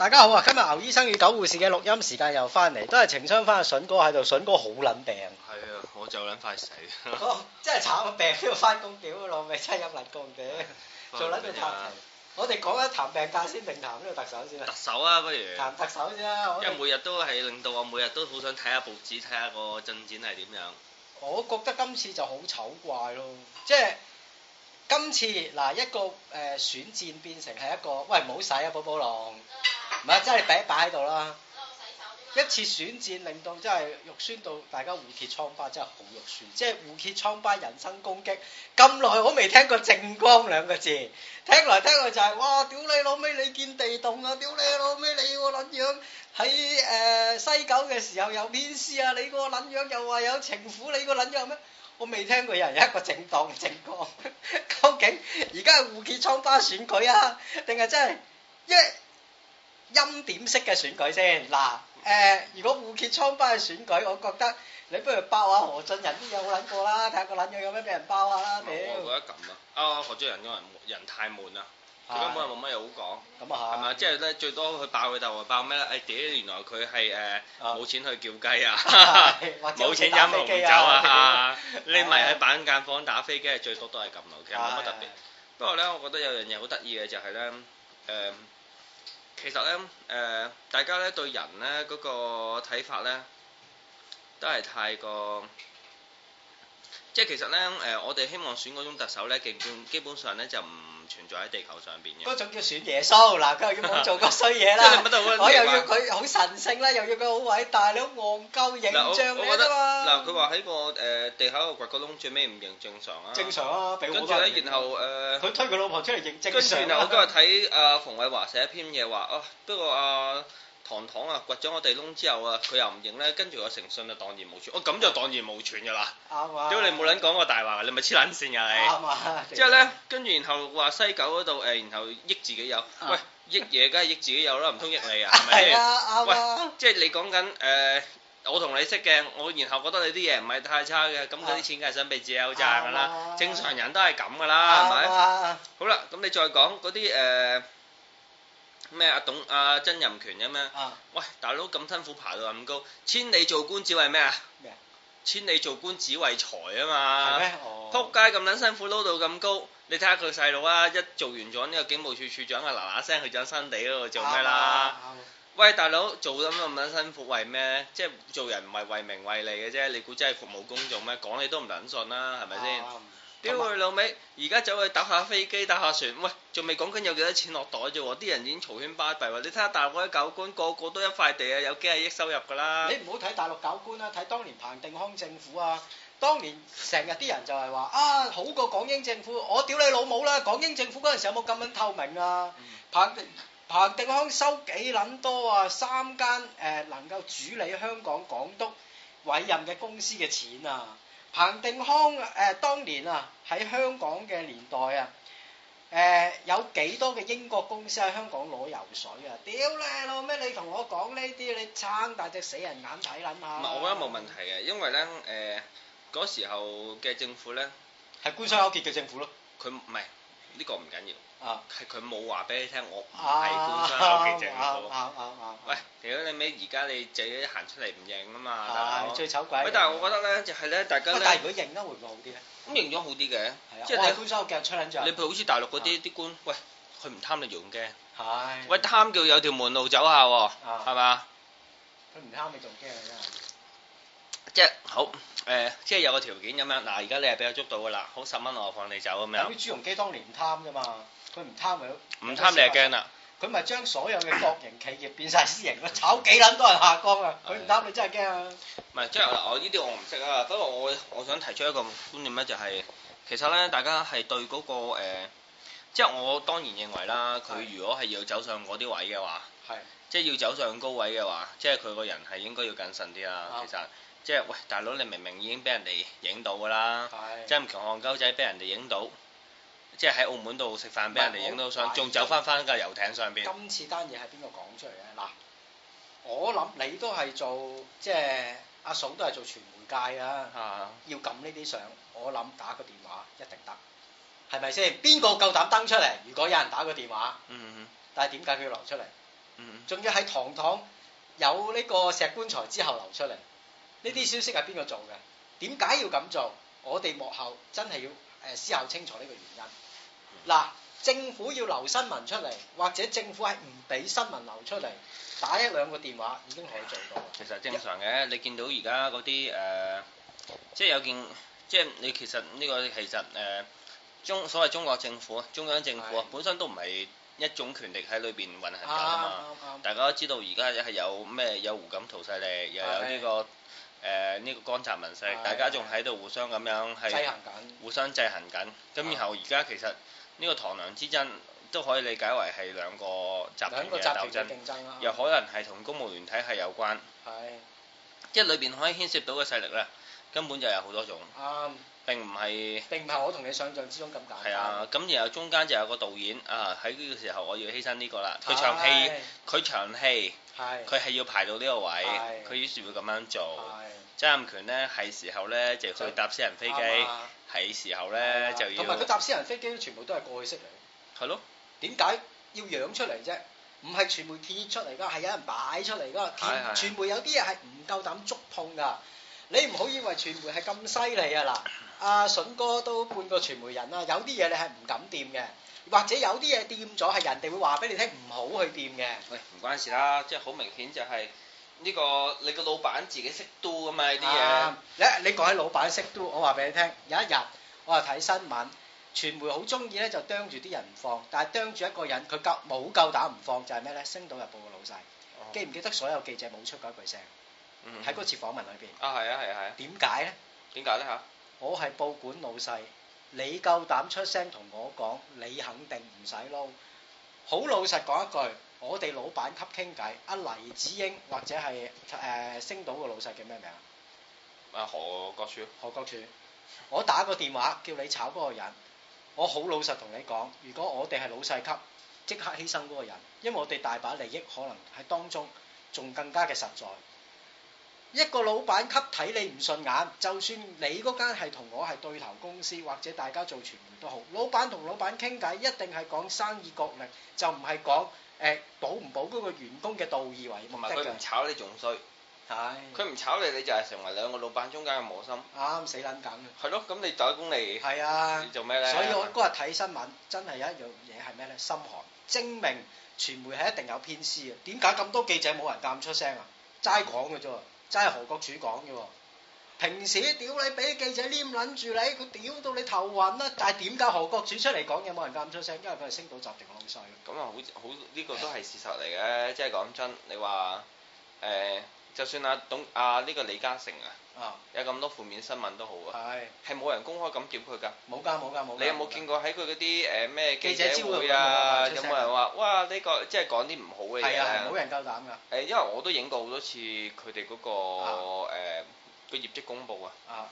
大家好啊！今日牛醫生與狗護士嘅錄音時間又翻嚟，都係情商翻阿筍哥喺度，筍哥好撚病。係 啊，我就撚快死。真係慘啊！病都要翻工屌老味真係入嚟共嘅，做撚住探題。我哋講一談病假先定談呢個特首先啦。特首啊，不如，談特首先啦，啊。因為每日都係令到我每日都好想睇下報紙，睇下個進展係點樣。我覺得今次就好醜怪咯，即係。今次嗱一個誒選戰變成係一個，喂唔好使啊寶寶浪，唔係真係擺擺喺度啦。一次選戰令到真係肉酸到大家互揭瘡疤，真係好肉酸，即係互揭瘡疤、人身攻擊。咁耐我未聽過政綱兩個字，聽來聽去就係哇屌你老味你見地洞啊！屌你老味你個撚樣喺誒西九嘅時候有偏師啊！你個撚樣又話有情婦，你個撚樣咩？我未聽過有人有一個正當正講， 究竟而家係互揭瘡疤選舉啊，定係真係一欽點式嘅選舉先嗱？誒、呃，如果互揭瘡疤嘅選舉，我覺得你不如包下何俊仁啲嘢好捻過啦，睇下個撚樣有咩俾人包下啦。屌，我覺得咁啊，啊、 哦、何俊仁個人人，人太悶啦。根本係冇乜嘢好講，咁啊，係咪即係咧？就是、最多佢爆佢，但係爆咩咧？誒、哎，原來佢係誒冇錢去叫雞啊，冇錢飲紅酒啊，你咪喺板間房打飛機，最多都係咁嘅，其實冇乜特別。啊嗯、不過咧，我覺得有樣嘢好得意嘅就係、是、咧，誒、呃，其實咧，誒、呃，大家咧對人咧嗰、那個睇法咧，都係太過。即係其實咧，誒，我哋希望選嗰種特首咧，基本基本上咧就唔存在喺地球上邊嘅。嗰種叫選耶穌，嗱，佢又冇做過衰嘢啦。即係乜都，我又要佢好神聖啦，又要佢好偉大，你好戇鳩形象嘅啫嘛。嗱，佢話喺個誒地下度掘個窿，最尾唔認正常啊。正常啊，比我都。跟住咧，然後誒，佢推佢老婆出嚟認證嘅。跟住然後我今日睇阿馮偉華寫一篇嘢話，哦，不過啊。堂堂啊，掘咗我地窿之後啊，佢又唔認咧，跟住我誠信就蕩然無存，哦咁就蕩然無存噶啦，啱啊，屌你冇捻講個大話噶，你咪黐捻線噶你，啱啊，之後咧跟住然後話西九嗰度誒，然後益自己有，喂益嘢梗係益自己有啦，唔通益你啊係咪先？係啊，啱啊，即係你講緊誒，我同你識嘅，我然後覺得你啲嘢唔係太差嘅，咁嗰啲錢梗係想畀自己有賺噶啦，正常人都係咁噶啦，係咪？啱啊，好啦，咁你再講嗰啲誒。咩阿、啊、董阿、啊、曾蔭權嘅咩？啊、喂，大佬咁辛苦爬到咁高，千里做官只為咩啊？咩麼？千里做官只為財啊嘛？係咩？仆街咁撚辛苦撈到咁高，你睇下佢細佬啊，一做完咗呢個警務處處長啊，嗱嗱聲去咗新地嗰度做咩啦？啊、喂，大佬做得咁撚辛苦為咩？即、就、係、是、做人唔係為名為利嘅啫，你估真係服務工做咩？講你都唔撚信啦、啊，係咪先？屌佢老味，而家走去搭下飛機搭下船，喂，仲未講緊有幾多錢落袋啫？啲人已經嘈喧巴閉話，你睇下大陸啲狗官個個都一塊地啊，有幾廿億收入噶啦！你唔好睇大陸狗官啦、啊，睇當年彭定康政府啊，當年成日啲人就係話啊，好過港英政府，我屌你老母啦！港英政府嗰陣時有冇咁樣透明啊？嗯、彭彭定康收幾撚多啊？三間誒、呃、能夠主理香港港督委任嘅公司嘅錢啊？彭定康，誒當年啊，喺香港嘅年代啊，誒有幾多嘅英國公司喺香港攞油水啊？屌你老咩！你同我講呢啲，你撐大隻死人眼睇捻下。唔係，我覺得冇問題嘅，因為咧誒嗰時候嘅政府咧係官商勾結嘅政府咯。佢唔係，呢個唔緊要。啊！係佢冇話俾你聽，我唔係官商勾結正喂，如果你咩而家你自己行出嚟唔認啊嘛，最醜鬼。喂，但係我覺得咧，就係咧，大家但係如果認得會唔會好啲咧？咁認咗好啲嘅。我係官商，我夾出你譬如好似大陸嗰啲啲官，喂，佢唔貪你用嘅。係。喂，貪叫有條門路走下喎，係嘛？佢唔貪你仲驚啊！即係好誒，即係有個條件咁樣。嗱，而家你係俾我捉到噶啦，好十蚊我放你走咁樣。咁朱鎔基當年唔貪㗎嘛。佢唔貪咪好，唔貪你係驚啦。佢咪將所有嘅國營企業變晒私營，炒幾撚都係下降啊！佢唔貪你真係驚啊！唔、就、係、是，即係我呢啲我唔識啊。不過我我想提出一個觀念咧、就是，就係其實咧，大家係對嗰、那個即係、呃就是、我當然認為啦，佢如果係要走上嗰啲位嘅話，係即係要走上高位嘅話，即係佢個人係應該要謹慎啲啦。是的 其實即係、就是、喂，大佬你明明已經俾人哋影到噶啦，唔強憨鳩仔俾人哋影到。即係喺澳門度食飯，俾人哋影到相，仲走翻翻架遊艇上邊。今次單嘢係邊個講出嚟嘅嗱？我諗你都係做即係阿嫂都係做傳媒界啊，要撳呢啲相，我諗打個電話一定得，係咪先？邊個夠膽登出嚟？如果有人打個電話，嗯，嗯，嗯但係點解佢要留出嚟？仲、嗯嗯、要喺堂堂有呢個石棺材之後留出嚟？呢啲、嗯嗯、消息係邊個做嘅？點解要咁做？我哋幕後真係要誒思考清楚呢個原因。嗱，政府要留新聞出嚟，或者政府係唔俾新聞流出嚟，打一兩個電話已經係可以做到嘅。其實正常嘅，你見到而家嗰啲誒，即係有件，即係你其實呢、這個其實誒中、呃、所謂中國政府、中央政府啊，的本身都唔係一種權力喺裏邊運行緊啊嘛。啊啊啊，大家都知道而家係有咩有胡錦濤勢力，又有呢、這個誒呢的、呃這個江澤民勢，的大家仲喺度互相咁樣係互相制衡緊。咁然後而家其實。呢個唐梁之爭都可以理解為係兩個集團嘅鬥爭，競爭啊、又可能係同公務員體系有關。係是，即係裏邊可以牽涉到嘅勢力咧，根本就有好多種。啱、嗯。並唔係。並唔係我同你想象之中咁簡單。係啊，咁然後中間就有個導演啊，喺呢個時候我要犧牲呢個啦。佢唱戲，佢唱戲，係，佢係是要排到呢個位，佢於是會咁是樣做。曾蔭權咧，係時候咧就去搭私人飛機；係時候咧就要。同埋佢搭私人飛機，全部都係過去式嚟。係咯？點解要養出嚟啫？唔係傳媒揭出嚟㗎，係有人擺出嚟㗎。傳媒有啲嘢係唔夠膽觸碰㗎。你唔好以為傳媒係咁犀利啊！嗱，阿筍哥都半個傳媒人啦，有啲嘢你係唔敢掂嘅，或者有啲嘢掂咗係人哋會話俾你聽，唔好去掂嘅。喂，唔關事啦，即係好明顯就係。呢個你個老闆自己識都㗎嘛呢啲嘢，咧你講起老闆識都，我話俾你聽，有一日我話睇新聞，傳媒好中意咧就啄住啲人唔放，但係啄住一個人，佢夠冇夠膽唔放就係咩咧？《星島日報》嘅老細，記唔記得所有記者冇出過一句聲？喺嗰次訪問裏邊。啊係啊係啊係啊。點解咧？點解咧嚇？我係報館老細，你夠膽出聲同我講，你肯定唔使撈。好老實講一句。我哋老闆級傾偈，阿黎智英或者係誒、呃、星島個老細叫咩名啊？阿何國柱。何國柱，我打個電話叫你炒嗰個人。我好老實同你講，如果我哋係老細級，即刻犧牲嗰個人，因為我哋大把利益可能喺當中，仲更加嘅實在。一個老闆級睇你唔順眼，就算你嗰間係同我係對頭公司，或者大家做傳媒都好，老闆同老闆傾偈一定係講生意角力，就唔係講。誒、欸、保唔保嗰個員工嘅道義喎？唔係佢唔炒你仲衰，係佢唔炒你，你就係成為兩個老闆中間嘅磨心。啱、啊、死撚梗啦！係咯，咁你打工嚟係啊？你做咩咧？所以我嗰日睇新聞，真係有一樣嘢係咩咧？心寒，證明傳媒係一定有偏私嘅。點解咁多記者冇人敢出聲啊？齋講嘅啫，齋係何國柱講嘅。平時屌你俾記者黏撚住你，佢屌到你頭暈啦！但係點解何柱國出嚟講嘢冇人敢出聲？因為佢係星島集團老細咯。咁啊，好好呢個都係事實嚟嘅。即係講真，你話誒，就算阿董阿呢個李嘉誠啊，有咁多負面新聞都好啊，係冇人公開咁屌佢噶。冇噶冇噶冇。你有冇見過喺佢嗰啲誒咩記者招待會啊？有冇人話哇？呢個即係講啲唔好嘅嘢啊？係啊，係，冇人夠膽噶。誒，因為我都影過好多次佢哋嗰個個業績公布啊！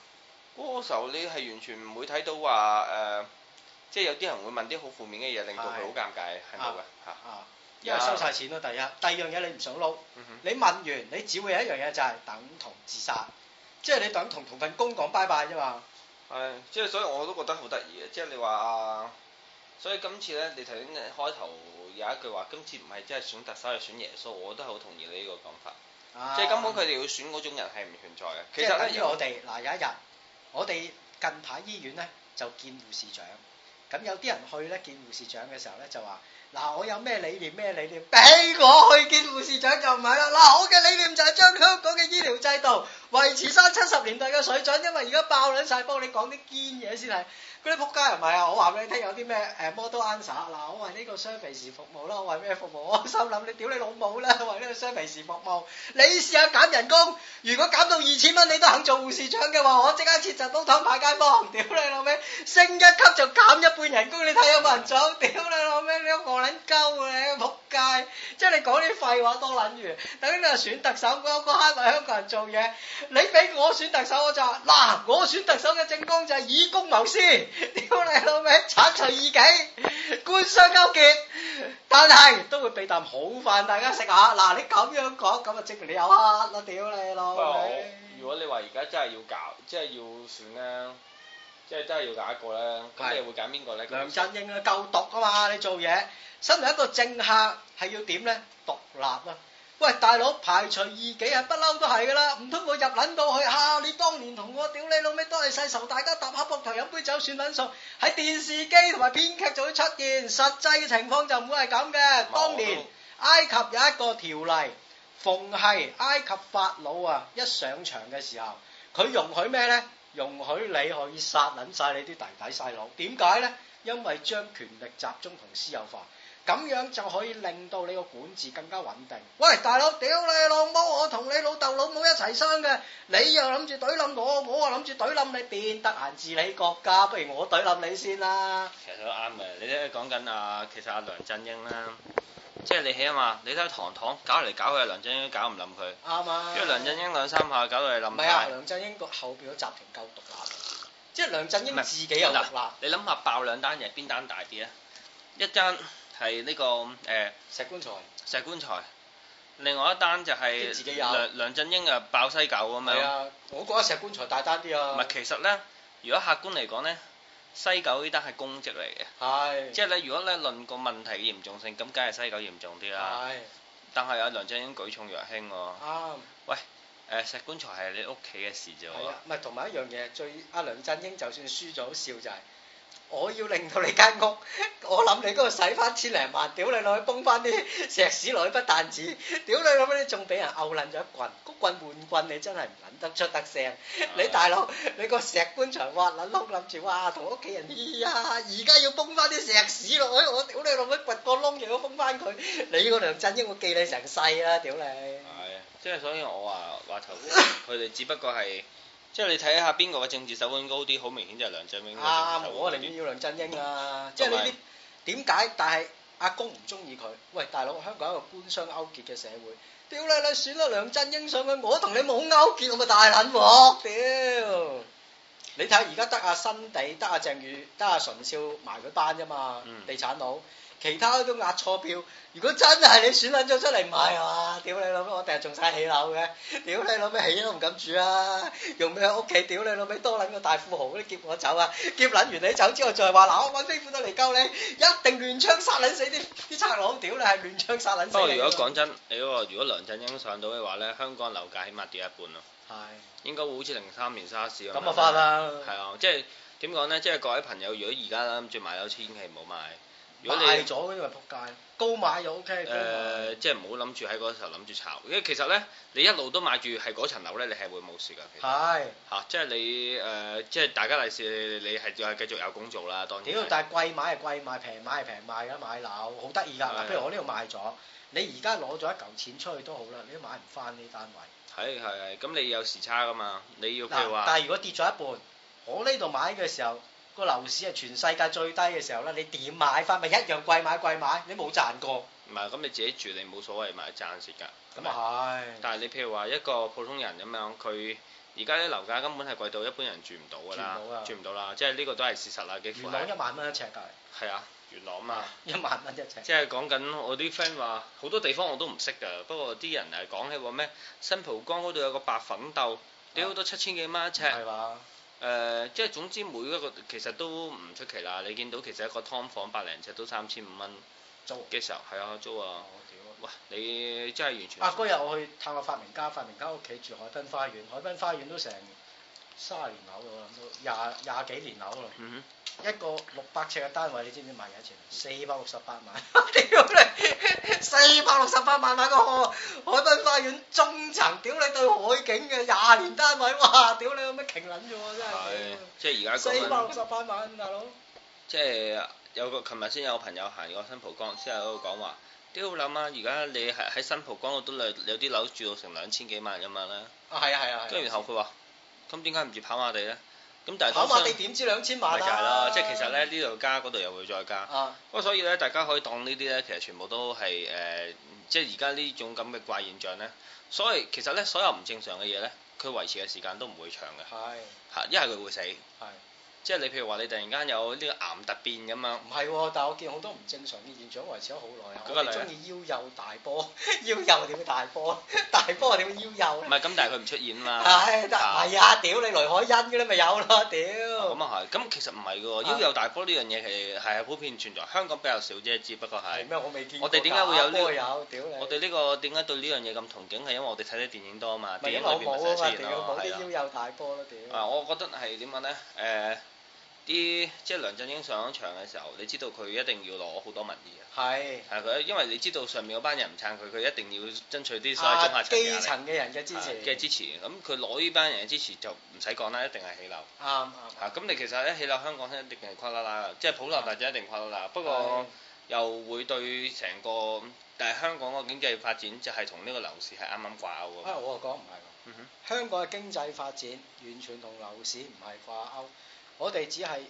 嗰個時候你係完全唔會睇到話、啊、誒，即、呃、係、就是、有啲人會問啲好負面嘅嘢，令到佢好尷尬，係冇嘅？啊，因為收晒錢咯，第一，啊、第二樣嘢你唔想撈，嗯、哼你問完你只會有一樣嘢就係、是、等同自殺，即、就、係、是、你等同同份工講拜拜啫嘛。係、哎，即、就、係、是、所以我都覺得好得意嘅，即、就、係、是、你話，所以今次咧，你頭先開頭有一句話，今次唔係真係選特首係選耶穌，我都好同意你呢個講法。即係根本佢哋要選嗰種人係唔存在嘅，其實等於我哋嗱有一日，我哋近排醫院咧就見護士長，咁有啲人去咧見護士長嘅時候咧就話，嗱我有咩理念咩理念，俾我去見護士長就唔係啦，嗱我嘅理念就係將香港嘅醫療制度，維持翻七十年代嘅水準，因為而家爆撚晒幫你講啲堅嘢先係，嗰啲仆街又唔係啊！我話俾你聽有啲咩誒 model answer 嗱，我為呢個雙皮士服務啦，我為咩服務？我心諗你屌你老母啦，為呢個雙皮士服務，你試下減人工，如果減到二千蚊你都肯做護士長嘅話，我即刻撤走東廠派街坊。屌你老味，升一級就減一半人工，你睇有冇人做？屌你老味，你個王撚鳩啊！你街，即係你講啲廢話多撚完，等你又選特首，個個係為香港人做嘢。你俾我選特首，我就話嗱，我選特首嘅政綱就係以公謀私，屌你老味，剷除異己，官商勾結，但係都會俾啖好飯大家食下。嗱，你咁樣講，咁啊證明你有黑咯，屌你老味。如果你話而家真係要搞，即係要選咧。即係真係要揀一個咧，咁你會揀邊個咧？梁振英啊，夠毒噶嘛！你做嘢，身為一個政客係要點咧？獨立啊！喂，大佬排除異己係不嬲都係噶啦，唔通我入撚到去嚇你？當年同我屌你老味，多謝細仇，大家搭下膊頭飲杯酒算撚數。喺電視機同埋編劇就會出現，實際嘅情況就唔會係咁嘅。當年埃及有一個條例，逢係埃及法老啊，一上場嘅時候，佢容許咩咧？容許你可以殺撚晒你啲弟弟細佬，點解咧？因為將權力集中同私有化，咁樣就可以令到你個管治更加穩定。喂，大佬，屌你老母！我同你老豆老母一齊生嘅，你又諗住懟冧我，我啊諗住懟冧你，邊得閒治理國家？不如我懟冧你先啦！其實都啱啊，你都講緊啊，其實阿梁振英啦。即係你起啊嘛！你睇下唐唐搞嚟搞去，梁振英搞唔冧佢，啱啊吧！因為梁振英兩三下搞到你冧曬。唔係啊，梁振英個後邊嗰集勁夠毒辣！即係梁振英自己又毒辣。你諗下爆兩單嘅邊單大啲啊？一單係呢、這個誒、呃、石棺材，石棺材。另外一單就係梁自己有梁，梁振英啊，爆西九啊嘛。係啊麼，我覺得石棺材大單啲啊。唔係，其實咧，如果客觀嚟講咧。西九呢單係公職嚟嘅，即係你如果你論個問題嘅嚴重性，咁梗係西九嚴重啲啦。係。但係阿梁振英舉重若輕喎。喂，誒、呃、石棺材係你屋企嘅事啫喎、啊。唔係，同埋一樣嘢，最阿梁振英就算輸咗，笑就係、是。我要令到你間屋，我諗你嗰度使翻千零萬，屌你落去崩翻啲石屎落去不但止，屌你老母你仲俾人拗撚咗一棍，骨棍換棍你真係唔撚得出得聲。的你大佬你個石棺材挖撚窿，諗住哇同屋企人，哎呀而家要崩翻啲石屎落去，我屌你老母掘個窿又要崩翻佢，你個梁振英我記你成世啦，屌你！係，即係所以我話話頭，佢哋只不過係。 即係你睇下邊個嘅政治手腕高啲，好明顯就係梁振英。啊！我寧願要梁振英啊！ 即係呢啲點解？但係阿公唔中意佢。喂，大佬，香港一個官商勾結嘅社會，屌你，你選阿梁振英上去，我同你冇勾結，我咪大捻喎！屌、嗯！你睇下而家得阿新地、得阿鄭宇、得阿純少埋佢班啫嘛，地產佬。其他都押錯票，如果真係你選撚咗出嚟買啊，屌你老味，我第日仲晒起樓嘅，屌你老味，起都唔敢住啊，用咩屋企？屌你老味，多撚個大富豪嗰啲劫我走啊，劫撚完你走之後，再話嗱，我揾飛虎都嚟救你，一定亂槍殺撚死啲啲賊佬，屌你係亂槍殺撚死。不過如果講真，屌啊！如果梁振英上到嘅話咧，香港樓價起碼跌一半咯，係的應該會好似零三年沙士咁。咁啊，翻啦了。係啊，即係點講咧？即係各位朋友，如果而家諗住買樓，千祈唔好買。如果你賣咗嗰啲咪仆街，高買又 OK，誒，即係唔好諗住喺嗰時候諗住炒，因為其實咧，你一路都買住係嗰層樓咧，你係會冇事嘅。係吓是、啊，即係你誒、呃，即係大家利是，你係要係繼續有工做啦。當然。屌，但係貴買係貴買，平買係平買嘅，買樓好得意噶。嗱，譬的如我呢度賣咗，你而家攞咗一嚿錢出去都好啦，你都買唔翻呢單位。係係係，咁你有時差噶嘛，你要譬如話。但係如果跌咗一半，我呢度買嘅時候。個樓市係全世界最低嘅時候啦，你點買翻咪一樣貴買貴買，你冇賺過。唔係，咁你自己住你冇所謂，咪賺蝕㗎。咁啊係。是但係你譬如話一個普通人咁樣，佢而家啲樓價根本係貴到一般人住唔到㗎啦，住唔到啦，即係呢個都係事實啦，幾乎係。元朗一萬蚊一尺價、啊。係啊，元朗嘛啊嘛。一萬蚊一尺。即係講緊我啲 friend 話，好多地方我都唔識㗎，不過啲人係講起話咩？新浦江嗰度有個白粉竇，屌都七千幾蚊一尺。係嘛？誒、呃，即係總之每一個其實都唔出奇啦。你見到其實一個劏房百零尺都三千五蚊租嘅時候，係租啊，租啊。哦、哇！你真係完全。啊！嗰日我去探個發明家，發明家屋企住海濱花園，海濱花園都成。卅年樓喎，諗到廿廿幾年樓咯。Mm hmm. 一個六百尺嘅單位，你知唔知賣幾多錢？四百六十八萬。屌 你！四百六十八萬買個海濱花園中層，屌 你對海景嘅廿年單位，哇的！屌你有咩傾撚啫？真係。係，即係而家。四百六十八萬，大佬。即係有個，琴日先有個朋友行過新浦江，先喺度講話。屌諗啊！而家你係喺新浦江都我都兩有啲樓住到成兩千幾萬㗎嘛啦。啊係啊係啊，跟住然後佢話。咁點解唔住跑馬地咧？咁但係跑馬地點知兩千萬？咪係咯，即係其實咧呢度加嗰度又會再加。不過所以咧，大家可以當呢啲咧，其實全部都係誒，即係而家呢種咁嘅怪現象咧。所以其實咧，所有唔正常嘅嘢咧，佢維持嘅時間都唔會長嘅。係，嚇，一係佢會死。係。即係你譬如話你突然間有呢個癌突變咁樣，唔係喎，但係我見好多唔正常嘅現象維持咗好耐啊！我哋中意腰幼大波，腰幼點會大波，大波點會腰幼，唔係咁，但係佢唔出現啊嘛。係，係啊！屌你雷海欣嘅你咪有咯，屌。咁啊係，咁其實唔係嘅喎，腰幼大波呢樣嘢其實係普遍存在，香港比較少啫，只不過係。係咩？我未見過。我哋點解會有呢？我哋呢個點解對呢樣嘢咁憧憬係因為我哋睇啲電影多啊嘛，電影裏邊寫住。未有冇啊嘛？屌，啲腰幼大波咯屌。我覺得係點講咧？誒。啲即係梁振英上咗場嘅時候，你知道佢一定要攞好多民意啊！係係佢，因為你知道上面嗰班人唔撐佢，佢一定要爭取啲中下層嘅基層嘅人嘅支持嘅支持。咁佢攞呢班人嘅支持就唔使講啦，一定係起樓。啱啱嚇咁，嗯、你其實一起樓，香港一定係垮啦啦，即係普羅大眾一定垮啦啦。嗯、不過是又會對成個誒香港個經濟發展就係同呢個樓市係啱啱掛鈎，我我講唔係，香港嘅經濟發展完全同樓市唔係掛鈎。我哋只係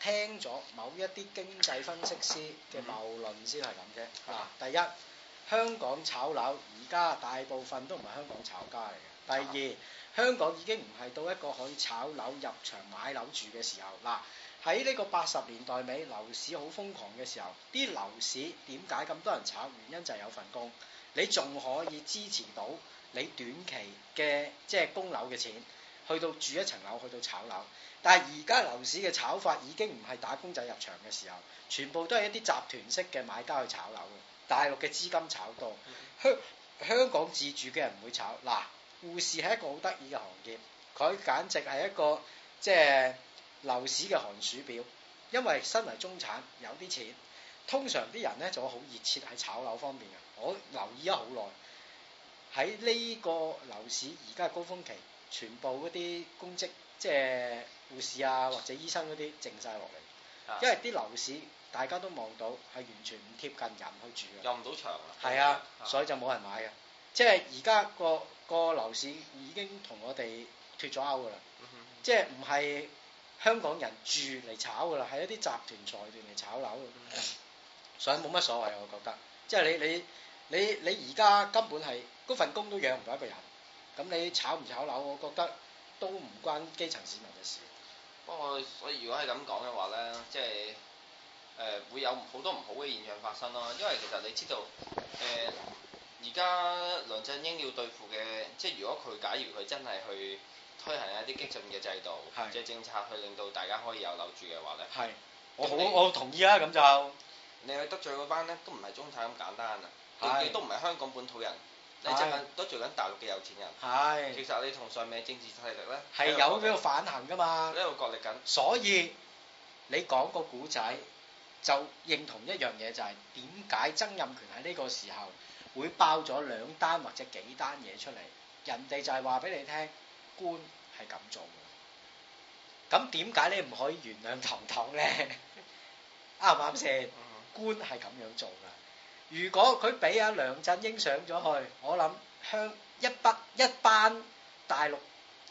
聽咗某一啲經濟分析師嘅謬論先係咁啫。嗱，第一，香港炒樓而家大部分都唔係香港炒家嚟嘅。第二，香港已經唔係到一個可以炒樓入場買樓住嘅時候。嗱，喺呢個八十年代尾樓市好瘋狂嘅時候，啲樓市點解咁多人炒？原因就係有份工，你仲可以支持到你短期嘅即係供樓嘅錢。去到住一層樓，去到炒樓，但係而家樓市嘅炒法已經唔係打工仔入場嘅時候，全部都係一啲集團式嘅買家去炒樓嘅。大陸嘅資金炒到，香香港自住嘅人唔會炒。嗱，護士係一個好得意嘅行業，佢簡直係一個即係樓市嘅寒暑表，因為身為中產有啲錢，通常啲人咧就好熱切喺炒樓方面嘅。我留意咗好耐，喺呢個樓市而家高峰期。全部嗰啲公職，即係護士啊或者醫生嗰啲，淨晒落嚟，啊、因為啲樓市大家都望到，係完全唔貼近人去住嘅，入唔到場了啊，係啊，啊所以就冇人買嘅，即係而家個個樓市已經同我哋脫咗鈎啦，嗯嗯即係唔係香港人住嚟炒噶啦，係一啲集團財團嚟炒樓，啊嗯、所以冇乜所謂，我覺得，即係你你你你而家根本係嗰份工都養唔到一個人，家人，家人，家人家。咁你炒唔炒樓，我覺得都唔關基層市民嘅事。不過，所以如果係咁講嘅話咧，即係誒、呃、會有好多唔好嘅現象發生咯。因為其實你知道誒，而、呃、家梁振英要對付嘅，即係如果佢，假如佢真係去推行一啲激進嘅制度，是即係政策去令到大家可以有樓住嘅話咧，係我好你我同意啊！咁就你去得罪嗰班咧，都唔係中產咁簡單啊，亦是都唔係香港本土人。你最近都做緊大陸嘅有錢人，係其實你同上面嘅政治勢力咧係有喺度反衡噶嘛，喺度角力緊。所以你講個古仔就認同一樣嘢，就係點解曾蔭權喺呢個時候會爆咗兩單或者幾單嘢出嚟？人哋就係話俾你聽，官係咁做嘅。咁點解你唔可以原諒唐唐咧？啱唔啱先？官係咁樣做㗎。如果佢俾阿梁振英上咗去，我諗香一筆，一班大陸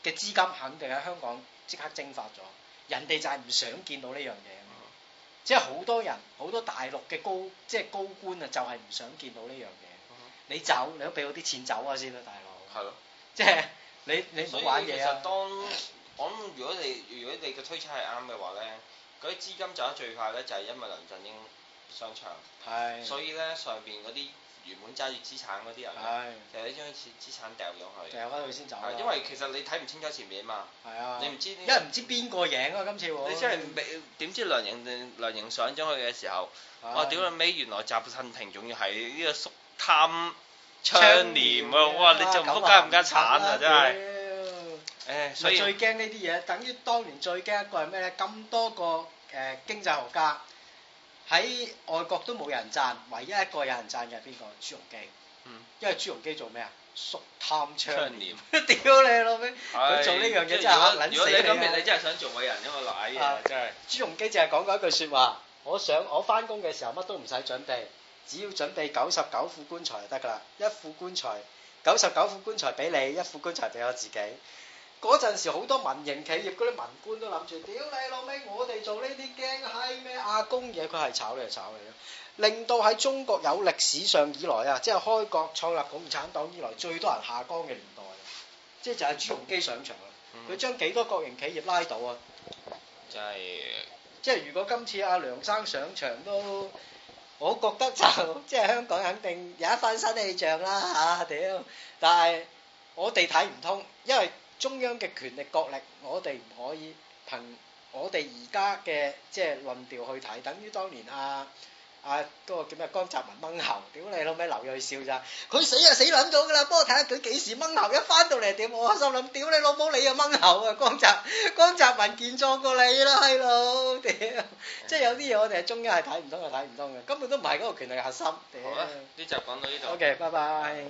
嘅資金肯定喺香港即刻蒸發咗，人哋就係唔想見到呢樣嘢，嗯、哼即係好多人好多大陸嘅高即係高官啊，就係唔想見到呢樣嘢。嗯、哼你走，你都俾我啲錢走啊先啦，大佬。係咯的，即係你你唔好玩嘢啊。當我諗，如果你如果你嘅推測係啱嘅話咧，嗰啲資金走得最快咧，就係因為梁振英上場，所以咧上邊嗰啲原本揸住資產嗰啲人，就將啲資產掉咗去，掉翻去先走。因為其實你睇唔清楚前面啊嘛，你唔知，因為唔知邊個贏啊今次。你真係未點知梁營梁營上咗去嘅時候，我屌你尾，原來習近平仲要喺呢個肅貪倡廉啊！哇！你仲唔加唔加慘啊！真係。誒，所以最驚呢啲嘢，等於當年最驚一個係咩咧？咁多個誒經濟學家。喺外國都冇人讚，唯一一個有人讚嘅係邊個？朱鎔基，嗯、因為朱鎔基做咩啊？縮貪搶廉，屌你老味！佢做呢樣嘢真係撚死嘅。如果你今朝你真係想做偉人，因為賴真係朱鎔基，淨係講過一句説話：我想我返工嘅時候乜都唔使準備，只要準備九十九副棺材就得㗎啦。一副棺材，九十九副棺材俾你，一副棺材俾我自己。嗰陣時好多民營企業嗰啲文官都諗住，屌你老尾，我哋做呢啲驚閪咩阿公嘢，佢係炒你，就炒你。」咯，令到喺中國有歷史上以來啊，即係開國創立共產黨以來最多人下崗嘅年代，即係就係朱鎔基上場，佢將幾多國營企業拉到啊、嗯！就係、是、即係如果今次阿梁生上場都，我覺得就即係香港肯定有一番新氣象啦嚇、啊，屌！但係我哋睇唔通，因為。中央嘅權力角力，我哋唔可以憑我哋而家嘅即係論調去睇。等於當年啊，阿、啊、嗰、嗰個叫咩江澤民掹喉，屌你老味劉瑞笑咋，佢死就死撚咗噶啦，不過睇下佢幾時掹喉，一翻到嚟點？我心諗，屌你老母你又掹喉啊江澤江澤民健壯過你啦閪佬，屌！即係有啲嘢我哋係中央係睇唔通嘅，睇唔通嘅，根本都唔係嗰個權力核心。好啦、啊，呢集講到呢度。OK，拜拜。